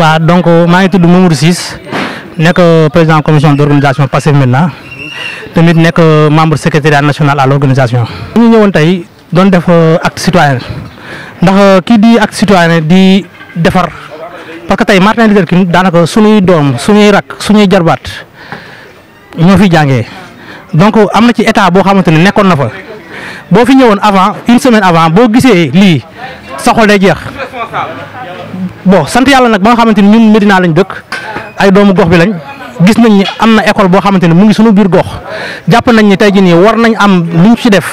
waaw donc maa ngi tudd Mamadou Ciss nekk euh, président commission d' organisation Pastef maintenant tamit nekk euh, membre secrétariat national à l' organisation. ñu ñëwoon tey doon def euh, acte citoyen ndax kii di acte citoyen di defar parce que tey Martin Luther King daanaka suñuy doom suñuy rak suñuy jarbaat ñoo fi jàngee donc am na ci état boo xamante ni nekkoon na fa boo fi ñëwoon avant une semaine avant boo gisee lii sa xol jeex. bon sant yàlla nag ba nga xamante ni ñun Medina lañ dëkk ay doomu gox bi lañ gis nañ ni am na école boo xamante mu ngi suñu biir gox jàpp nañ ni war nañ am luñ ci def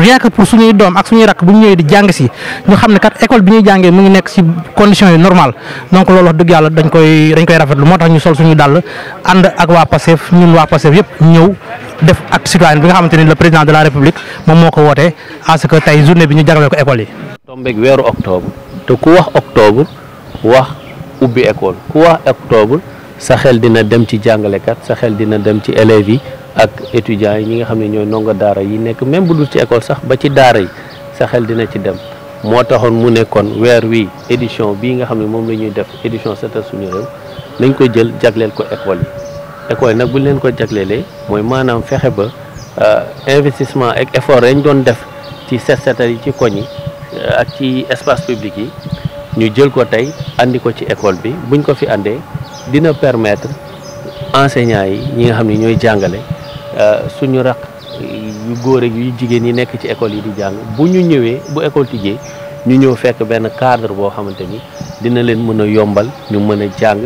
rien que pour suñuy doom ak suñuy rak bu ñu ñëwee di jàng si ñu xam kat école bi ñuy mu ngi nekk si condition yu normal donc loolu wax dëgg yàlla dañ koy dañ koy rafetlu moo ñu sol suñu dàll ànd ak waa Pastef ñun waa Pastef yëpp ñëw def ak citoyen bi nga xamante ni le président de la république moom moo ko wootee à ce que tey journée bi ñu jagleel ko école yi. tombeeg octobre te ku wax octobre. wax ubbi école ku wax octobre sa xel dina dem ci jàngalekat sa xel dina dem ci élèves yi ak étudiants yi ñi nga xam ne ñooy ndongo daara yi nekk même bu dul ci école sax ba ci daara yi sa xel dina ci dem moo taxoon mu nekkoon weer wii édition bii nga xam ne moom la ñuy def édition seetal suñu réew nañ ko jël jagleel ko école yi école nag buñ leen ko jagleelee mooy maanaam fexe ba euh, investissement ak effort yañ doon def ci set setal yi ci koñ yi euh, ak ci espace public yi ñu jël ko tey andi ko ci école bi buñ ko fi andee dina permettre enseignants yi ñi nga xam ne ñooy jàngale euh, suñu raq yu góor ak yu jigéen yi nekk ci école yi di jàng bu ñu ñëwee bu école tijjee ñu ñëw fekk benn cadre boo xamante ni dina leen mën a yombal ñu mën a jàng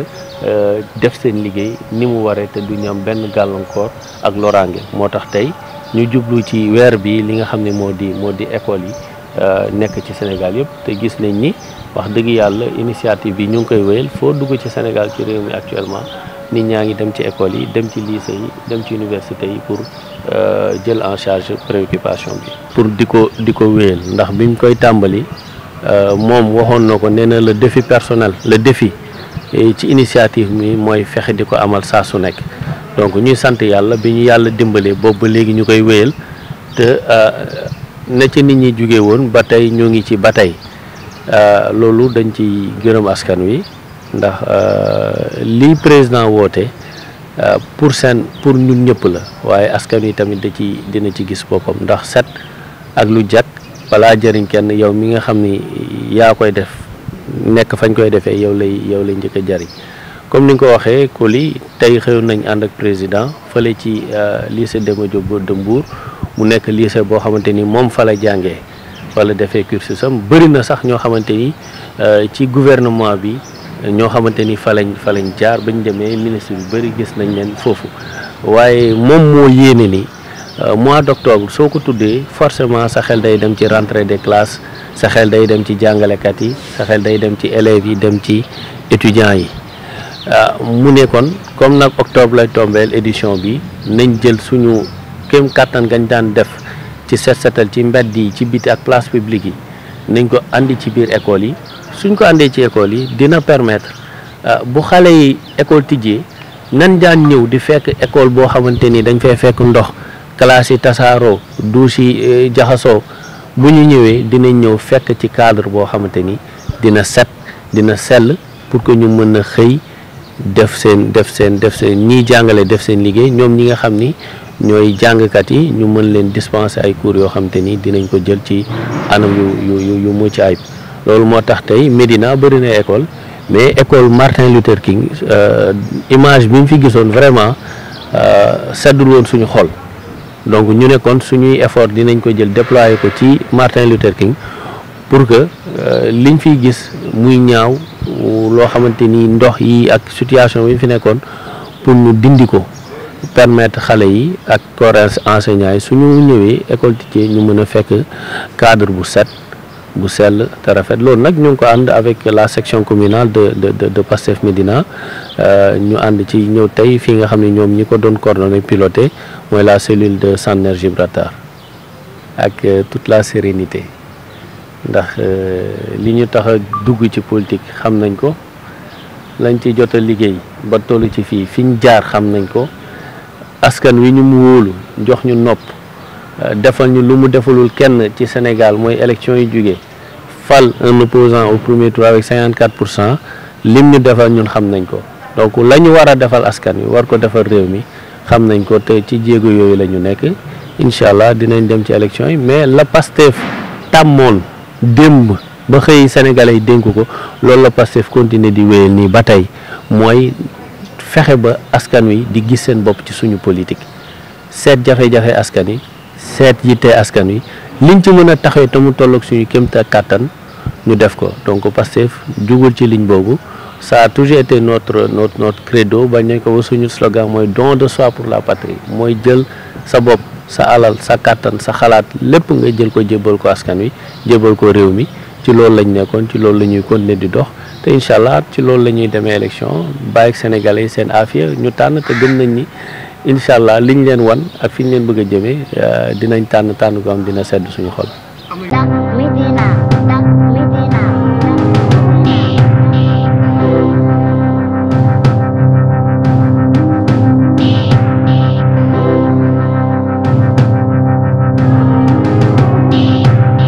euh, def seen liggéey ni mu waree te du ñu am benn gàllankoor ak loraange moo tax tey ñu jublu ci weer bi li nga xam ne moo di moo di école yi nekk ci Sénégal yëpp te gis nañ ni wax dëgg yàlla initiative bi ñu ngi koy wéyal foo dugg ci Sénégal ci réew mi actuellement nit ñaa ngi dem ci école yi dem ci lycée yi dem ci université yi pour jël en charge préoccupation bi. pour di ko di ko wéyal ndax biñ koy tàmbali moom waxoon na ko nee na le défi personnel le défi ci initiative mi mooy fexe di ko amal saa su nekk donc ñuy sant yàlla bi ñu yàlla dimbalee boobu ba léegi ñu koy wéyal te. na ci nit ñi jóge woon ba tey ñoo ngi ci ba tey euh, loolu dañ ci gërëm askan wi ndax euh, lii président woote euh, pour seen pour ñun ñëpp la waaye askan wi tamit da ci dina ci gis boppam ndax set ak lu jag balaa jëriñ kenn yow mi nga xam ni yaa koy def nekk fañ koy defee yow lay yow lay njëkk jariñ comme ni nga ko waxee Coly tey xew nañ ànd ak président fële ci euh, lycée Demba Diop de Mbour mu nekk lycée boo xamante ni moom fa la jàngee fa la defee cursus am bëri na sax ñoo xamante ni euh, ci gouvernement bi ñoo xamante fa lañ fa lañ jaar bañ demee ministre bi bëri gis nañ leen foofu waaye moom moo yéene ni euh, mois d' octobre soo forcément sa xel day dem ci rentrée des classes sa xel day dem ci jàngalekat yi sa xel day dem ci élèves yi dem ci étudiants yi Euh, mu ne kon comme nag octobre lay tombeel édition bi nañ jël suñu kéem kàttan gañ daan def ci set setal ci mbedd yi ci biti ak place publique yi nañ ko andi ci biir école yi suñ ko indee ci école yi dina permettre euh, bu xale yi école tijjee nan daan ñëw di fekk école boo xamante ni dañ fay fekk ndox classe yi tasaaroo douche yi euh, jaxasoo bu ñu ñëwee dinañ ñëw fekk ci cadre boo xamante ni dina set dina sell pour que ñu mën a xëy def seen def seen def seen ñiy jàngale def seen liggéey ñoom ñi nga xam ni ñooy jàngkat yi ñu mën leen dispenser ay cours yoo xam te ni dinañ ko jël ci anam yu yu yu mucc ayib loolu moo tax tey Médina bëri na école mais école Martin Luther King euh, image bi ñu fi gisoon vraiment euh, seddul woon suñu xol donc ñu nekkoon suñuy effort dinañ ko jël déployer ko ci Martin Luther King pour que Euh, liñ fi gis muy ñaaw loo xamante ni ndox yi ak situation bi fi nekkoon pour ñu dindi ko permettre xale yi ak corps enseignants yi suñu ñëwee école Tické ñu mën a fekk cadre bu set bu sell te rafet loolu nag ñu ngi ko ànd avec la section communale de de de Pastef Médina euh, ñu ànd ci ñëw tey fii nga xam ne ñoom ñi ko doon coordonné piloté mooy la cellule de Centenaire Gibraltar ak euh, toute la sérénité ndax euh, li ñu tax dugg ci politique xam nañ ko lañ ci jot liggéey ba toll ci fii fi ñu jaar xam nañ ko askan wi ñu mu wóolu jox ñu nopp euh, defal ñu lu mu defalul kenn ci Sénégal mooy élection yi jóge fal un opposant au premier tour avec pour cent lim ñu defal ñun xam nañ ko donc la ñu war a defal askan wi war ko defal réew mi xam nañ ko te ci jéego yooyu la ñu nekk incha allah dinañ dem ci élection yi mais la Pastef tàmmoon démb ba xëy sénégalais yi dénk ko loolu la Pastef continuer di wéyal nii ba tey mooy fexe ba askan wi di gis seen bopp ci suñu politique seet jafe-jafe askan wi seet yitte askan wi liñ ci mën a taxawee te mu tolloog suñu kéemta kàttan ñu def ko donc Pastef jugul ci ligne boobu saa a toujours été notre notre notre credo bañ nañ ko ba suñu slogan mooy don de soi pour la patrie mooy jël sa bopp sa alal sa kàttan sa xalaat lépp nga jël ko jébbal ko askan wi jébbal ko réew mi ci loolu lañ nekkoon ci loolu la ñuy continuer di dox te incha allah ci loolu la ñuy demee élection bàyyi sénégalais yi seen affaire ñu tànn te gën nañ ni incha allah liñ leen wan ak fi ñu leen bëgg a jëmee euh, dinañ tànn tànn ko am dina sedd suñu xol.